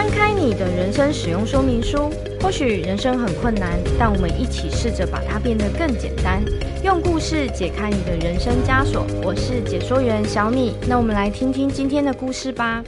翻開你的人生使用說明書，或許人生很困難，但我們一起試着把它變得更簡單。用故事解開你的人生枷鎖，我是解說員小米。那我們來聽聽今天的故事吧。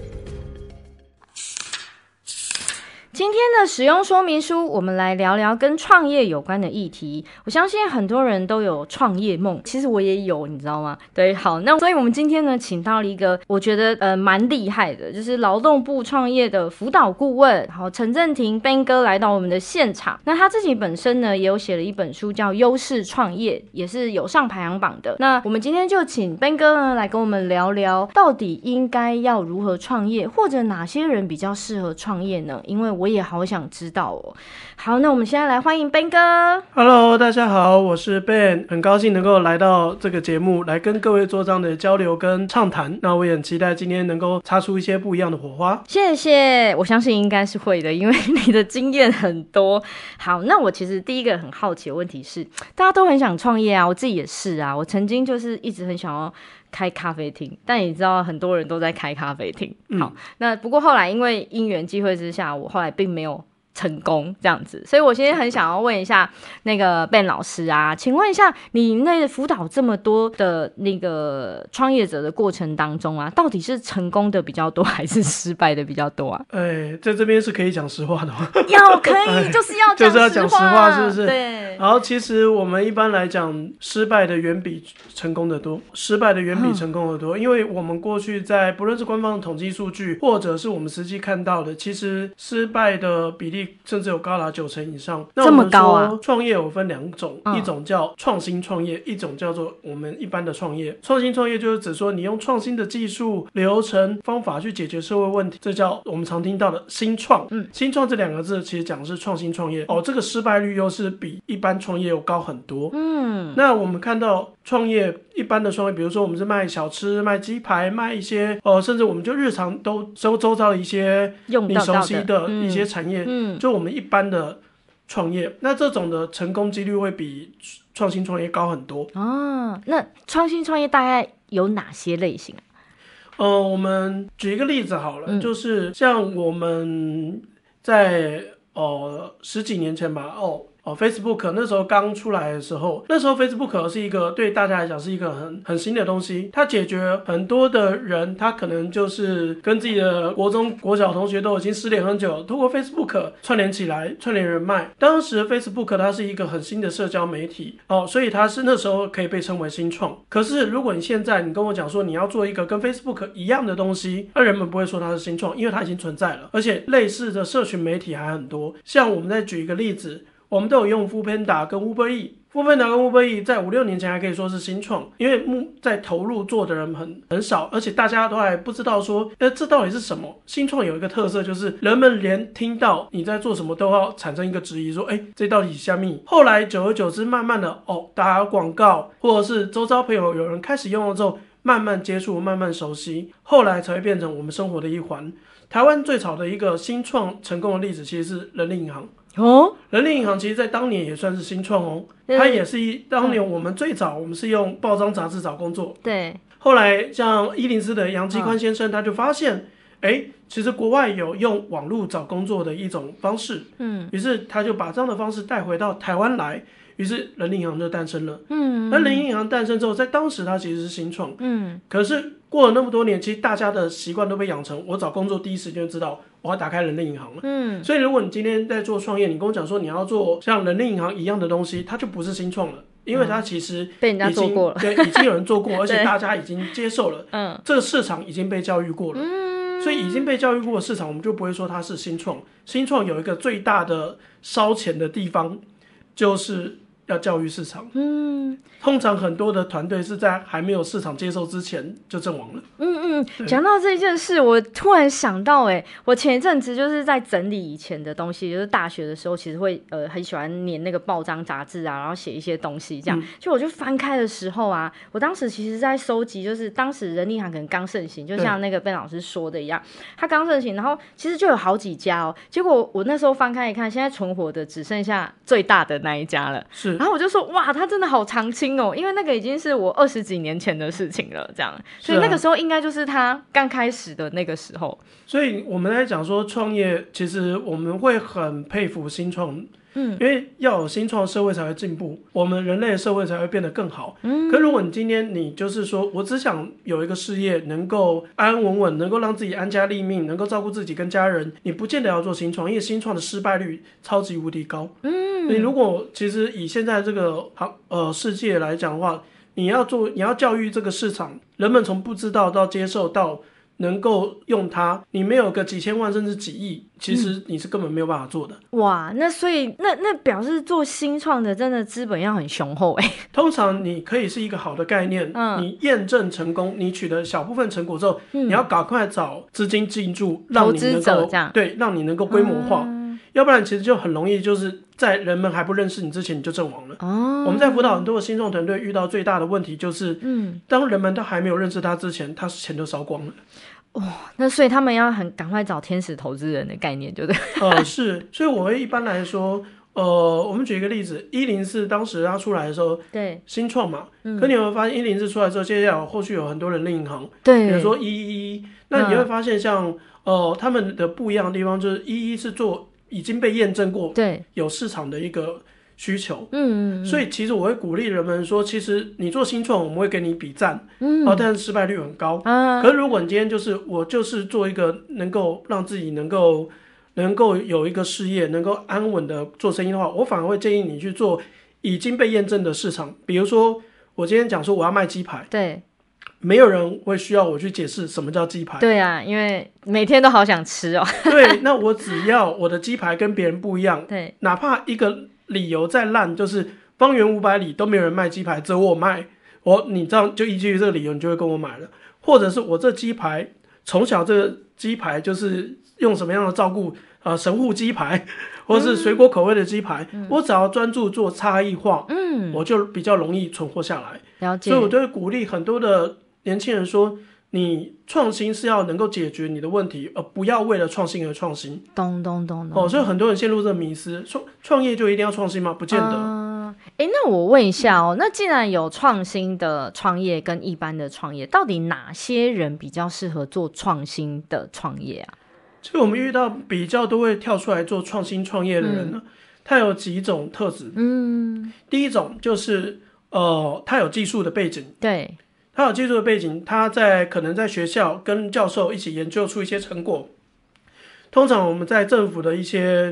今天的使用說明書，我們來聊聊跟創業有關的議題。我相信很多人都有創業夢，其實我也有，你知道嗎？對，好，那所以我們今天呢，請到了一個我覺得呃蠻厲害的，就是勞動部創業的輔導顧問，好，陳政廷 Ben 哥來到我們的現場。那他自己本身呢，也有寫了一本書，叫《優勢創業》，也是有上排行榜的。那我們今天就請 Ben 哥呢來跟我們聊聊，到底應該要如何創業，或者哪些人比較適合創業呢？因為我。也好想知道哦。好，那我們現在來歡迎 Ben 哥。Hello，大家好，我是 Ben，很高興能夠來到這個節目，來跟各位做這樣的交流跟暢談。那我也很期待今天能夠擦出一些不一樣的火花。謝謝，我相信應該是會的，因為你的經驗很多。好，那我其實第一個很好奇的問題是，大家都很想創業啊，我自己也是啊，我曾經就是一直很想要。開咖啡廳，但你知道很多人都在開咖啡廳。嗯、好，那不過後來因為因緣際會之下，我後來並沒有成功這樣子，所以我今天很想要問一下那個 Ben 老師啊，請問一下，你那個輔導這麼多的那個創業者的過程當中啊，到底是成功的比較多還是失敗的比較多啊？哎、欸，在這邊是可以講實話的嗎？要可以，欸、就是要就是要講實話，是不是？對。然後其實我們一般來講，失敗的遠比成功的多，失敗的遠比成功的多，嗯、因為我們過去在不論是官方的統計數據，或者是我們實際看到的，其實失敗的比例。甚至有高達九成以上，那我們這麼高啊！創業有分兩種，一種叫創新創業，哦、一種叫做我們一般的創業。創新創業就是指說你用創新的技術、流程、方法去解決社會問題，這叫我們常聽到的新創。嗯，新創這兩個字其實講的是創新創業。哦，這個失敗率又是比一般創業要高很多。嗯，那我們看到。創業一般的創業，比如說我們是賣小吃、賣雞排、賣一些呃，甚至我們就日常都周周遭一些你熟悉的一些產業，到到嗯，就我們一般的創業，嗯、那這種的成功幾率會比創新創業高很多啊、哦。那創新創業大概有哪些類型啊？呃，我們舉一個例子好了，嗯、就是像我們在哦、呃、十幾年前吧，哦。Facebook 那時候剛出來的時候，那時候 Facebook 是一個對大家來講是一個很很新的東西。它解決很多的人，他可能就是跟自己的國中、國小同學都已經失聯很久，通過 Facebook 串聯起來，串聯人脈。當時 Facebook 它是一個很新的社交媒體，哦，所以它是那時候可以被稱為新創。可是如果你現在你跟我講說你要做一個跟 Facebook 一樣的東西，那、啊、人們不會說它是新創，因為它已經存在了，而且類似的社群媒體還很多。像我們再舉一個例子。我們都有用 foodpanda 跟 Uber Eats，foodpanda 跟 Uber Eats 在五六年前還可以說是新創，因為目在投入做的人很很少，而且大家都還不知道說，哎、呃，這到底是什麼？新創有一個特色就是，人們連聽到你在做什麼都要產生一個質疑，說，哎，這到底是蝦米？後來久而久之，慢慢的哦，打廣告或者是周遭朋友有人開始用了之後，慢慢接觸，慢慢熟悉，後來才會變成我們生活的一環。台灣最早的一個新創成功的例子，其實是人力銀行。哦，oh? 人力銀行其實在當年也算是新創哦，對對，它也是一當年我們最早我們是用報章雜誌找工作，對。後來像一零四的楊基寬先生，他就發現，哎、oh. 欸，其實國外有用網絡找工作的一種方式，嗯，於是他就把這樣的方式帶回到台灣來，於是人力銀行就誕生了，嗯，嗯。那人力銀行誕生之後，在當時它其實是新創，嗯。可是過了那麼多年，其實大家的習慣都被養成，我找工作第一時間就知道。我要打開人力銀行了，嗯，所以如果你今天在做創業，你跟我講說你要做像人力銀行一樣的東西，它就不是新創了，因為它其實已經、嗯、被人家做過了， 對，已經有人做過，而且大家已經接受了，嗯，對，這個市場已經被教育過了，嗯，所以已經被教育過的市場，我們就不會說它是新創。新創有一個最大的燒錢的地方，就是。要教育市場，嗯，通常很多的團隊是在還沒有市場接受之前就陣亡了。嗯嗯，嗯對講到這件事，我突然想到、欸，哎，我前一陣子就是在整理以前的東西，就是大學的時候，其實會呃很喜歡粘那個報章雜誌啊，然後寫一些東西。這樣，嗯、就我就翻開的時候啊，我當時其實在收集，就是當時人力行可能剛盛行，就像那個 Ben 老師說的一樣，對他剛盛行，然後其實就有好幾家哦。結果我那時候翻開一看，現在存活的只剩下最大的那一家了。是。然後我就說，哇，他真的好長青哦，因為那個已經是我二十幾年前的事情了，這樣，所以那個時候應該就是他剛開始的那個時候。啊，所以我們來講說創業，其實我們會很佩服新創。因為要有新創，社會才會進步，我們人類的社會才會變得更好。嗯，可如果你今天你就是說我只想有一個事業，能夠安安穩穩，能夠讓自己安家立命，能夠照顧自己跟家人，你不見得要做新創業。因為新創的失敗率超級無敵高。嗯，你如果其實以現在這個行呃世界來講的話，你要做，你要教育這個市場，人們從不知道到接受到，能夠用它，你沒有個幾千萬甚至幾億，其實你是根本沒有辦法做的。嗯、哇，那所以那那表示做新創的真的資本要很雄厚哎。通常你可以是一個好的概念，嗯、你驗證成功，你取得小部分成果之後，嗯、你要趕快找資金進駐，讓你能夠這樣對，讓你能夠規模化。嗯要不然其實就很容易，就是在人們還不認識你之前，你就陣亡了。哦，我們在輔導很多的新創團隊，遇到最大的問題就是，嗯，當人們都還沒有認識他之前，嗯、他錢就燒光了。哇、哦，那所以他們要很趕快找天使投資人的概念就對，對不對？呃，是，所以我們一般來說，呃，我們舉一個例子，104當時他出來的時候，對，新創嘛。嗯。可你有沒有發現，104出來之後，接下來後續有很多人力銀行，對，比如說1111，那你會發現像，嗯、呃，他們的不一樣的地方就是1111是做。已經被驗證過，對，有市場的一個需求，嗯嗯對，所以其實我會鼓勵人們說，其實你做新創，我們會給你比讚，嗯，哦，但是失敗率很高，啊、可是如果你今天就是我就是做一個能夠讓自己能夠能夠有一個事業，能夠安穩的做生意的話，我反而會建議你去做已經被驗證的市場，比如說我今天講說我要賣雞排，對。沒有人會需要我去解釋什麼叫雞排。對啊，因為每天都好想吃哦。 對，那我只要我的雞排跟別人不一樣。對，哪怕一個理由再爛，就是方圓五百里都沒有人賣雞排，只有我賣。我，你知道，就依據這個理由，你就會跟我買了。或者是我這雞排，從小這個雞排就是用什麼樣的照顧啊、呃？神戶雞排，或是水果口味的雞排。嗯、我只要專注做差異化，嗯，我就比較容易存活下來。了解，所以我就會鼓勵很多的。年輕人說：“你創新是要能夠解決你的問題，而不要為了創新而創新。”咚咚，咚咚咚！哦，所以很多人陷入這個迷思，創創業就一定要創新嗎？不見得。嗯、呃欸、那我問一下哦，嗯、那既然有創新的創業跟一般的創業，到底哪些人比較適合做創新的創業啊？就我們遇到比較多會跳出來做創新創業的人呢，他、嗯、有幾種特質。嗯，第一種就是呃，他有技術的背景。對。他有技術的背景，他在可能在學校跟教授一起研究出一些成果。通常我們在政府的一些，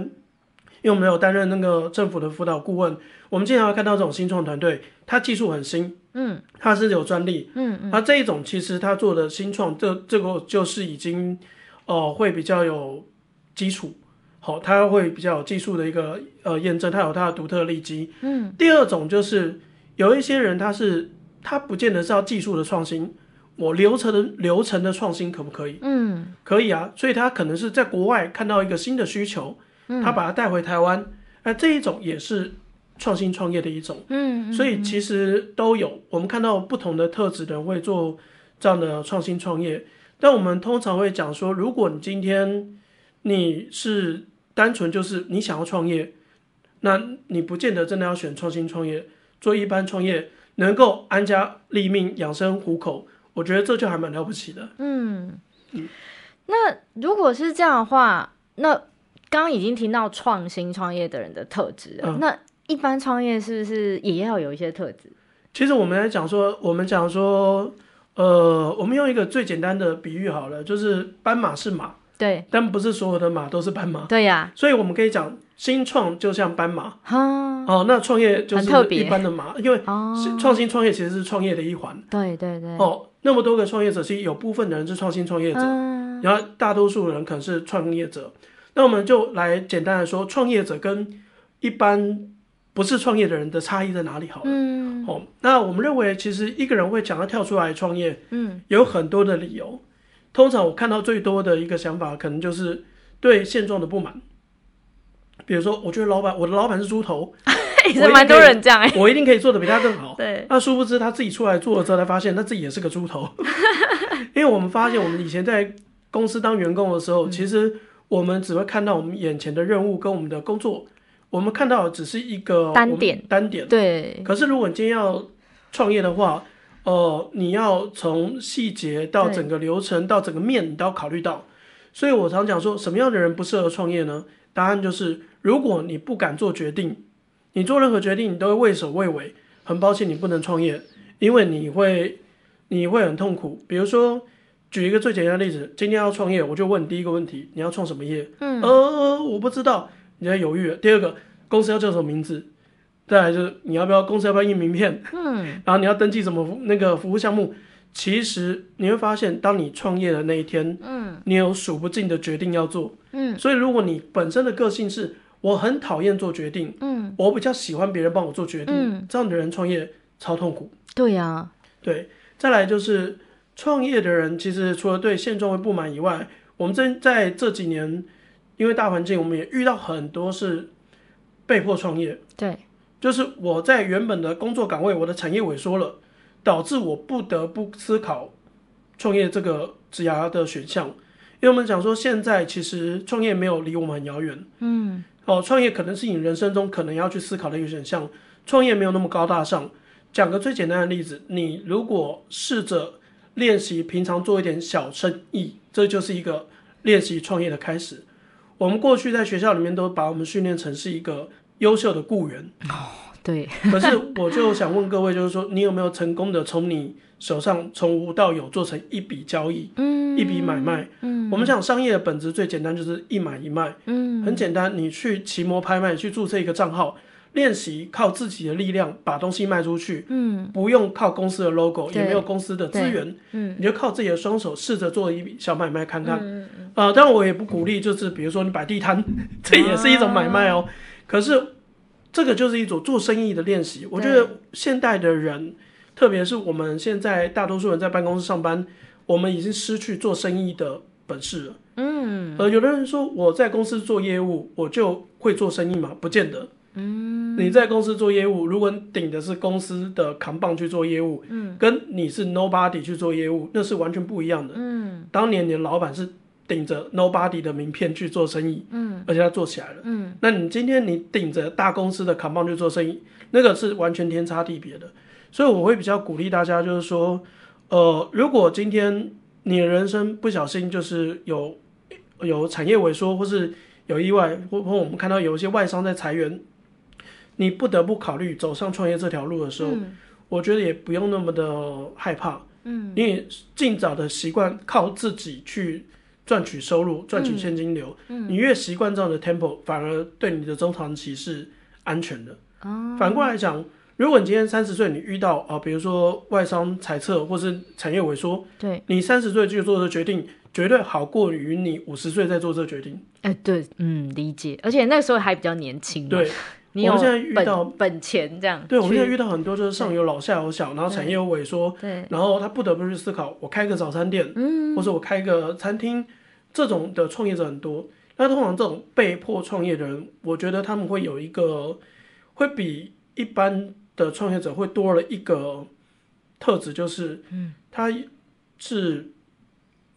因為我們有擔任那個政府的輔導顧問，我們經常會看到這種新創團隊，他技術很新，嗯，他是有專利，嗯嗯。而這一種其實他做的新創，這這個就是已經哦、呃、會比較有基礎，好、哦，他會比較有技術的一個呃驗證，他有他的獨特的利基。嗯。第二種就是有一些人他是。它不見得是要技術的創新，我流程的流程的創新可不可以？嗯，可以啊。所以它可能是在國外看到一個新的需求，嗯、他把它帶回台灣，那這一種也是創新創業的一種。嗯，所以其實都有，我們看到不同的特質的人會做這樣的創新創業。但我們通常會講說，如果你今天你是單純就是你想要創業，那你不見得真的要選創新創業，做一般創業。能夠安家立命、養生糊口，我覺得這就還蠻了不起的。嗯，那如果是這樣的話，那剛剛已經聽到創新創業的人的特質，嗯、那一般創業是不是也要有一些特質、嗯？其實我們來講說，我們講說，呃，我們用一個最簡單的比喻好了，就是斑馬是馬，對，但不是所有的馬都是斑馬，對呀、啊，所以我們可以講。新創就像斑馬，哈 Huh? 哦，那創業就是一般的馬，因為創新創業其實是創業的一環。Oh, 哦、對對對，哦，那麼多個創業者，其實有部分的人是創新創業者，uh、然後大多數人可能是創業者。那我們就來簡單來說，創業者跟一般不是創業的人的差異在哪裡好了？好、嗯，嗯、哦，那我們認為，其實一個人會想要跳出來創業，嗯，有很多的理由。通常我看到最多的一個想法，可能就是對現狀的不滿。比如說，我覺得老板，我的老板是豬頭， 也是蠻多人這樣誒，我一定可以做得比他更好。 對，那、啊、殊不知他自己出來做了之後，才發現他自己也是個豬頭。 因為我們發現，我們以前在公司當員工的時候， 其實我們只會看到我們眼前的任務跟我們的工作，嗯、我們看到的只是一個單點，單點，對。可是如果你今天要創業的話，哦、呃，你要從細節到整個流程對到整個面，你都要考慮到。所以我常講說，什麼樣的人不適合創業呢？答案就是，如果你不敢做決定，你做任何決定你都會畏首畏尾。很抱歉，你不能創業，因為你會，你會很痛苦。比如說，舉一個最簡單的例子，今天要創業，我就問第一個問題：你要創什麼業？嗯，呃，我不知道，你在猶豫。第二個，公司要叫什麼名字？再來就是你要不要公司要不要印名片？嗯，然後你要登記什麼那個服務項目？其實你會發現，當你創業的那一天，嗯，你有數不盡的決定要做。嗯，所以如果你本身的個性是，我很討厭做決定，嗯，我比較喜歡別人幫我做決定，嗯、這樣的人創業超痛苦。對呀、啊，對，再來就是創業的人，其實除了對現狀會不滿以外，我們在這幾年，因為大環境，我們也遇到很多是被迫創業。對，就是我在原本的工作崗位，我的產業萎縮了，導致我不得不思考創業這個職涯的選項。因為我們講說，現在其實創業沒有離我們很遙遠，嗯，哦，創業可能是你人生中可能要去思考的一個選項。創業沒有那麼高大上，講個最簡單的例子，你如果試着練習平常做一點小生意，這就是一個練習創業的開始。我們過去在學校裡面都把我們訓練成是一個優秀的雇員。哦。對，可是我就想問各位，就是說你有沒有成功的從你手上從無到有做成一筆交易，嗯，一筆買賣。嗯，我們講商業的本質最簡單就是一買一賣，嗯，很簡單，你去奇摩拍賣去註冊一個賬號，練習靠自己的力量把東西賣出去，嗯，不用靠公司的 logo，也沒有公司的資源，嗯，你就靠自己的雙手試着做一筆小買賣看看，啊，當然我也不鼓勵，就是比如說你擺地攤，這也是一種買賣哦，可是。這個就是一種做生意的練習。我覺得現代的人，對特別是我們現在大多數人在辦公室上班，我們已經失去做生意的本事了。嗯，呃，有的人說我在公司做業務，我就會做生意嘛？不見得。嗯，你在公司做業務，如果你頂的是公司的扛棒去做業務，嗯，跟你是 nobody 去做業務，那是完全不一樣的。嗯，當年你的老闆是。頂着 Nobody 的名片去做生意，嗯，而且他做起來了，嗯，那你今天你頂着大公司的扛棒去做生意，那個是完全天差地別的。所以我會比較鼓勵大家，就是說，呃，如果今天你的人生不小心就是有有產業萎縮，或是有意外，或或我們看到有一些外商在裁員，你不得不考慮走上創業這條路的時候，嗯，我覺得也不用那麼的害怕，嗯，你也盡早的習慣靠自己去。賺取收入，賺取現金流。嗯嗯、你越習慣這樣的 tempo，反而對你的中長期是安全的。哦、反過來講，如果你今天三十歲，你遇到啊、呃，比如說外商裁撤，或是產業萎縮，對，你三十歲就做這個決定，絕對好過於你五十歲再做這個決定。哎、欸，對，嗯，理解。而且那個時候還比較年輕。對，你我要現在遇到本錢這樣。對，我們現在遇到很多就是上有老下有小，然後產業萎縮，對，然後他不得不去思考，對我開個早餐店，嗯，或者我開個餐廳。這種的創業者很多，那通常這種被迫創業的人，我覺得他們會有一個，會比一般的創業者會多了一個特質，就是，嗯、他是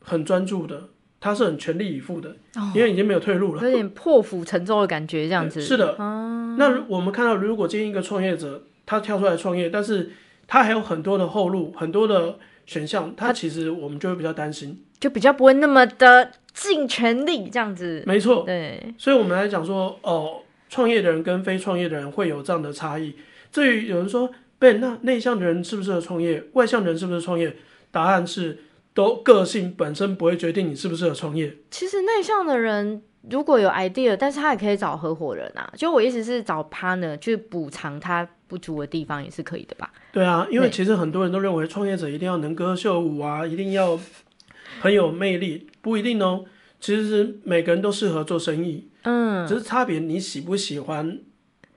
很專注的，他是很全力以赴的，哦、因為已經沒有退路了，有點破釜沉舟的感覺，這樣子。是的，嗯、那我們看到，如果今天一個創業者他跳出來創業，但是他還有很多的後路，很多的選項，他其實我們就會比較擔心，他就比較不會那麼的。盡全力這樣子，沒錯錯。對，所以，我們來講說，哦，創業的人跟非創業的人會有這樣的差異。至於有人說，Ben，那內向的人適不適合創業，外向的人適不適合創業？答案是，都個性本身不會決定你適不適合創業。其實，內向的人如果有 idea，但是他也可以找合夥人啊。就我意思是，找 partner 去補償他不足的地方，也是可以的吧？對啊，因為其實很多人都認為，創業者一定要能歌善舞啊，對一定要。很有魅力，不一定哦。其實每個人都適合做生意，嗯，只是差別你喜不喜歡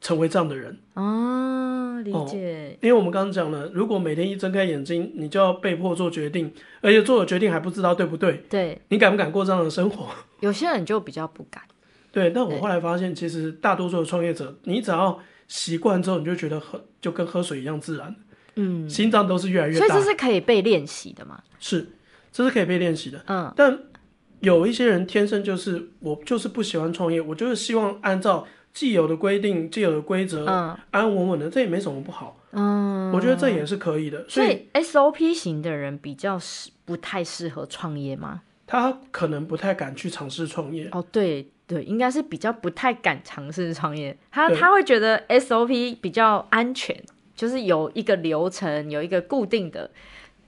成為這樣的人啊，哦？理解。哦。因為我們剛剛講了，如果每天一睜開眼睛，你就要被迫做決定，而且做了決定還不知道對不對？對。你敢不敢過這樣的生活？有些人就比較不敢。 對，但我後來發現，對其實大多數的創業者，你只要習慣之後，你就覺得很就跟喝水一樣自然。嗯。心臟都是越來越大。所以這是可以被練習的嘛？是。這是可以被練習的，嗯，但有一些人天生就是我就是不喜歡創業，我就是希望按照既有的規定、既有的規則，嗯，安穩穩的，這也沒什麼不好，嗯，我覺得這也是可以的。所以 SOP 型的人比較適，不太適合創業嗎？他可能不太敢去嘗試創業。哦，對對，應該是比較不太敢嘗試創業。他對他會覺得 SOP 比較安全，就是有一個流程，有一個固定的。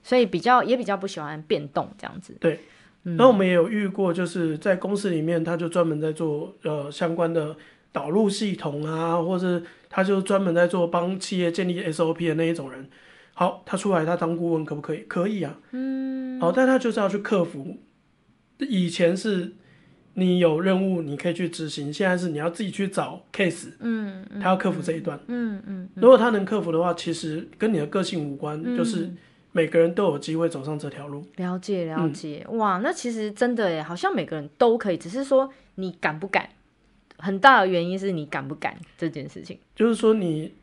所以比較也比較不喜歡變動這樣子。對，嗯、那我們也有遇過，就是在公司裡面，他就專門在做呃相關的導入系統啊，或者他就專門在做幫企業建立 SOP 的那一種人。好，他出來，他當顧問可不可以？可以啊。嗯。好，但他就是要去克服。以前是你有任務，你可以去執行，現在是你要自己去找 case 嗯。嗯。他要克服這一段。嗯嗯。嗯嗯嗯，如果他能克服的話，其實跟你的個性無關，嗯、就是。每個人都有機會走上這條路了。了解了解、嗯、哇，那其實真的誒，好像每個人都可以，只是說你敢不敢，很大的原因是你敢不敢這件事情。就是說，你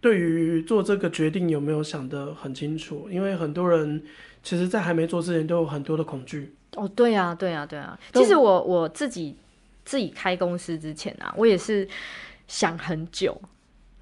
對於做這個決定有沒有想得很清楚？因為很多人其實，在還沒做之前，都有很多的恐懼。哦，對啊，對啊，對啊。其實我我自己自己開公司之前啊，我也是想很久。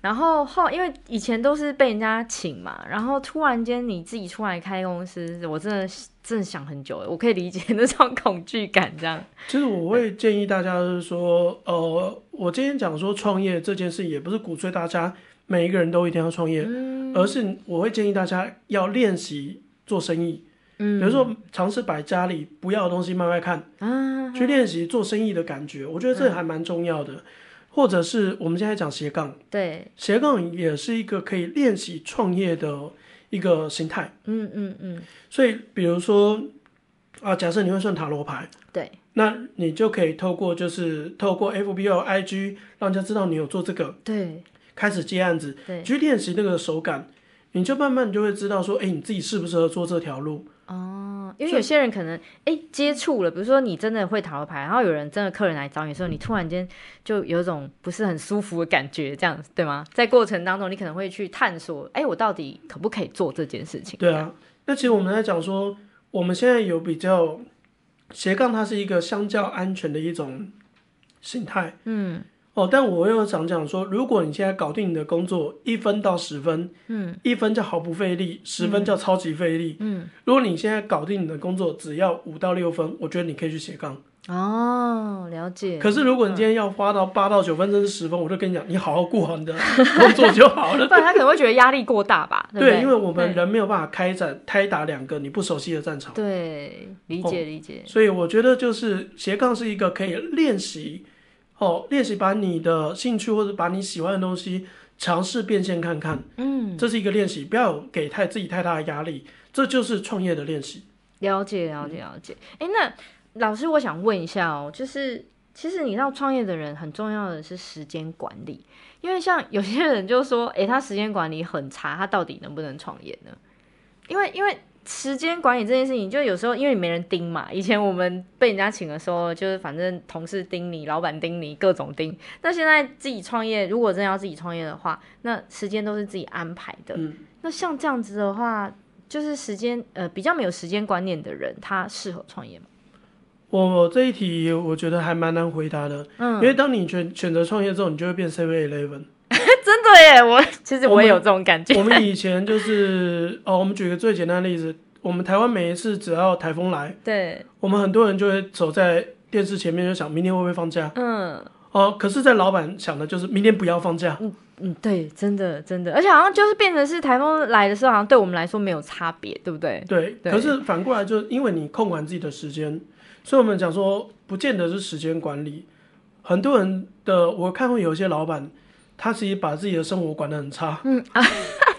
然後後，因為以前都是被人家請嘛，然後突然間你自己出來開公司，我真的真的想很久了。我可以理解那種恐懼感，這樣。其實我會建議大家，就是說，呃，我今天講說創業這件事，也不是鼓吹大家每一個人都一定要創業，嗯、而是我會建議大家要練習做生意。嗯，比如說嘗試把家裡不要的東西賣賣看，啊，去練習做生意的感覺，啊、我覺得這還蠻重要的。啊或者是我們現在講斜槓，對，斜槓也是一個可以練習創業的一個形態、嗯。嗯嗯嗯。所以，比如說啊，假設你會算塔羅牌，對，那你就可以透過就是透過 F B O I G，讓人家知道你有做這個，對，開始接案子，對，去練習那個手感，你就慢慢就會知道說，哎、欸，你自己適不適合做這條路。哦，因為有些人可能哎以、欸、接觸了，比如說你真的會逃牌，然後有人真的客人來找你的時候，你突然間就有一種不是很舒服的感覺，這樣子對嗎？在過程當中，你可能會去探索，哎、欸，我到底可不可以做這件事情？對啊，那其實我們在講說，我們現在有比較斜槓，它是一個相較安全的一種形態，嗯。哦，但我又想講說，如果你現在搞定你的工作一分到十分，嗯，一分叫毫不費力，十分叫超級費力，嗯，嗯，如果你現在搞定你的工作只要五到六分，我覺得你可以去斜槓。哦，了解。可是如果你今天要花到八到九分甚至十分，嗯，我就跟你講，你好好顧好你的工作就好了。不然他可能會覺得壓力過大吧？對，因為我們人沒有辦法開展、開對打兩個你不熟悉的戰場。對，理解理解、哦。所以我覺得就是斜槓是一個可以練習。哦，練習把你的興趣或者把你喜歡的東西嘗試變現看看，嗯，這是一個練習，不要給太自己太大的壓力，這就是創業的練習。了解了解了解。誒、欸，那老師我想問一下哦、喔，就是其實你知道創業的人很重要的是時間管理，因為像有些人就說，誒、欸，他時間管理很差，他到底能不能創業呢？因為因為。時間管理這件事情，就有時候因為你沒人盯嘛。以前我們被人家請的時候，就是反正同事盯你，老闆盯你，各種盯。那現在自己創業，如果真的要自己創業的話，那時間都是自己安排的。嗯、那像這樣子的話，就是時間呃比較沒有時間觀念的人，他適合創業嗎？我我這一題我覺得還蠻難回答的，嗯，因為當你選選擇創業之後，你就會變7-11 真的耶，我其實我也有這種感覺。我們,我們以前就是哦，我們舉個最簡單的例子，我們台灣每一次只要台風來，對，我們很多人就會走在電視前面，就想明天會不會放假？嗯，哦，可是在老板想的就是明天不要放假。嗯嗯，對，真的真的，而且好像就是變成是台風來的時候，好像對我們來說沒有差別，對不對？對，對可是反過來就是因為你控管自己的時間，所以我們講說不見得是時間管理，很多人的我看過有一些老板。他其實把自己的生活管得很差，嗯、啊、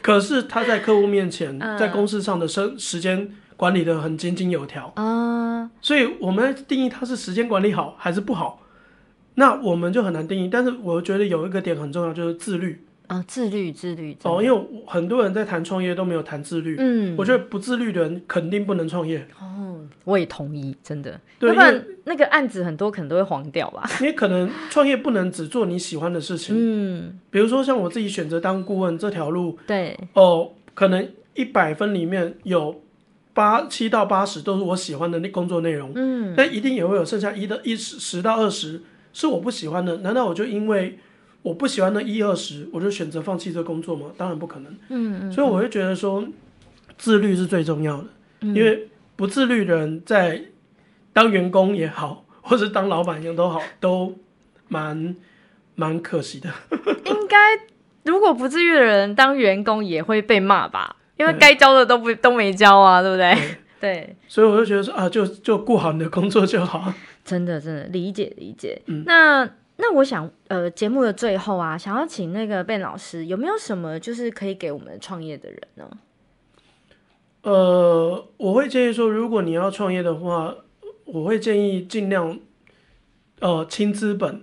可是他在客戶面前，嗯、在公司上的生、嗯、時間管理得很井井有條啊，嗯、所以我們要定義他是時間管理好還是不好，那我們就很難定義。但是我覺得有一個點很重要，就是自律啊、哦，自律，自律哦，因為很多人在談創業都沒有談自律，嗯，我覺得不自律的人肯定不能創業哦，我也同意，真的，對。不那個案子很多可能都會黃掉吧，因為可能創業不能只做你喜歡的事情。嗯，比如說像我自己選擇當顧問這條路，對哦、呃，可能一百分裡面有八七到八十都是我喜歡的工作內容，嗯，但一定也會有剩下一的一十十到二十是我不喜歡的。難道我就因為我不喜歡那一二十，我就選擇放棄這工作嗎？當然不可能。嗯，嗯，嗯，所以我會覺得說自律是最重要的，嗯、因為不自律的人在。當員工也好，或是當老闆一樣都好，都蠻蠻可惜的。 應該，如果不治癒的人當員工也會被罵吧？因為該教的都不對都沒教啊，對不對？對。對所以我就覺得說啊，就就顧好你的工作就好啊。真的，真的，真的理解理解。理解嗯。那那我想，呃，節目的最後啊，想要請那個 Ben 老師，有沒有什麼就是可以給我們創業的人呢？呃，我會建議說，如果你要創業的話。我會建議盡量，呃，輕資本。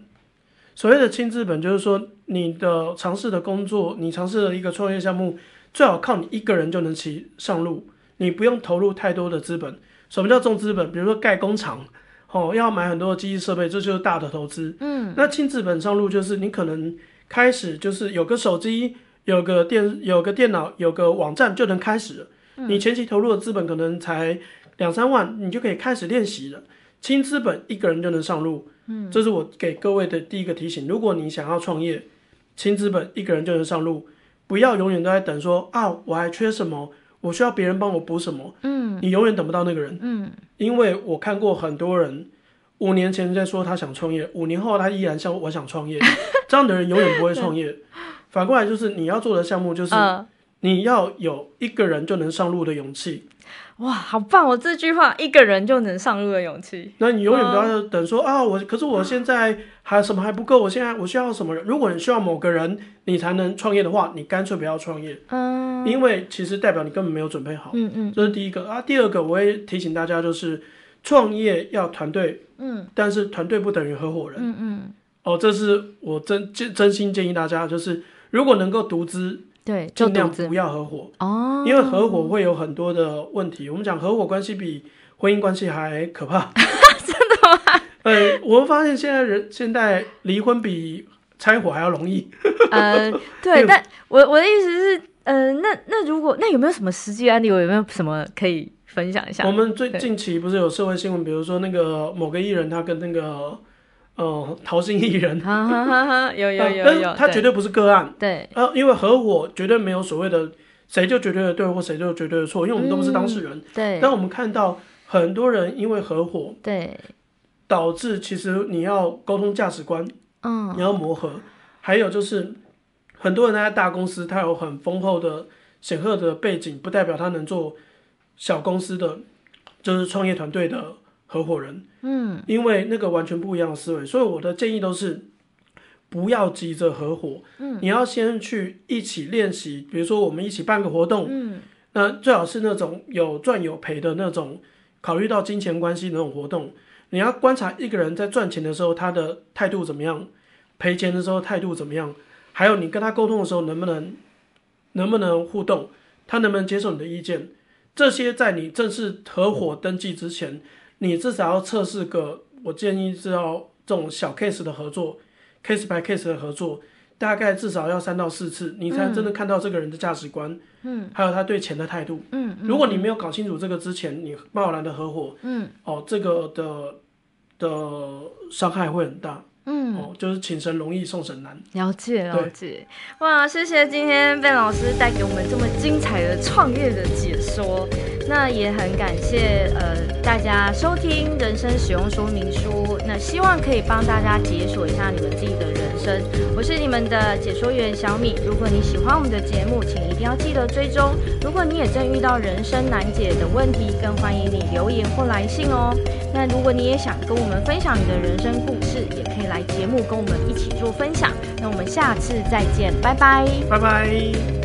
所謂的輕資本，就是說你的嘗試的工作，你嘗試的一個創業項目，最好靠你一個人就能起上路，你不用投入太多的資本。什麼叫重資本？比如說蓋工廠，哦，要買很多的機器設備，這就是大的投資。嗯，那輕資本上路就是你可能開始就是有個手機，有個電，有個電腦，有個網站就能開始了。嗯，你前期投入的資本可能才。兩三萬，你就可以開始練習了。輕資本一個人就能上路，嗯，這是我給各位的第一個提醒。如果你想要創業，輕資本一個人就能上路，不要永遠都在等說啊，我還缺什麼，我需要別人幫我補什麼，嗯，你永遠等不到那個人，嗯，因為我看過很多人，五年前在說他想創業，五年後他依然想我想創業， 這樣的人永遠不會創業。反過來就是你要做的項目，就是你要有一個人就能上路的勇氣。哇，好棒！我這句話一個人就能上路的勇氣。那你永遠不要等說、哦、啊，我可是我現在還有什麼還不夠，我現在我需要什麼人？如果你需要某個人你才能創業的話，你乾脆不要創業，嗯，因為其實代表你根本沒有準備好，嗯嗯，這、嗯、是第一個啊。第二個，我會提醒大家，就是創業要團隊，嗯，但是團隊不等於合夥人，嗯嗯。嗯哦，這是我真真真心建議大家，就是如果能夠獨資。對，儘量不要合夥哦，因為合夥會有很多的問題。哦、我們講合夥關係比婚姻關係還可怕， 真的嗎？呃，我發現現在人現在離婚比拆夥還要容易。 呃，對，為但我我的意思是，嗯、呃，那那如果那有沒有什麼實際案例？我有沒有什麼可以分享一下？我們最近期不是有社會新聞，對比如說那個某個藝人他跟那個。哦，桃、嗯、心藝人， 有，有有有有，但他絕對不是個案。對，呃，因為合夥絕對沒有所謂的誰就絕對的對或誰就絕對的錯，嗯、因為我們都不是當事人。對，但我們看到很多人因為合夥，對，導致其實你要溝通價值觀，嗯對，你要磨合，嗯、還有就是很多人他在大公司，他有很豐厚的顯赫的背景，不代表他能做小公司的，就是創業團隊的。合夥人，嗯，因為那個完全不一樣的思維，所以我的建議都是不要急着合夥，嗯，你要先去一起練習，比如說我們一起辦個活動，嗯，那最好是那種有賺有賠的那種，考慮到金錢關係的那種活動。你要觀察一個人在賺錢的時候，他的態度怎麼樣，賠錢的時候態度怎麼樣，還有你跟他溝通的時候能不能，能不能互動，他能不能接受你的意見，這些在你正式合夥登記之前。嗯你至少要測試個，我建議至要這種小 case 的合作，case by case 的合作，大概至少要三到四次，你才真的看到這個人的價值觀，嗯，還有他對錢的態度，嗯，嗯，嗯，如果你沒有搞清楚這個之前，你貿然的合夥，嗯，哦，這個的的傷害會很大，嗯，哦，就是請神容易送神難。了解了解，了解對哇，謝謝今天 Ben 老師帶給我們這麼精彩的創業的解說。那也很感謝，呃，大家收聽《人生使用說明書》，那希望可以幫大家解鎖一下你們自己的人生。我是你們的解說員小米。如果你喜歡我們的節目，請一定要記得追蹤。如果你也正遇到人生難解的問題，更歡迎你留言或來信哦。那如果你也想跟我們分享你的人生故事，也可以來節目跟我們一起做分享。那我們下次再見，拜拜，拜拜。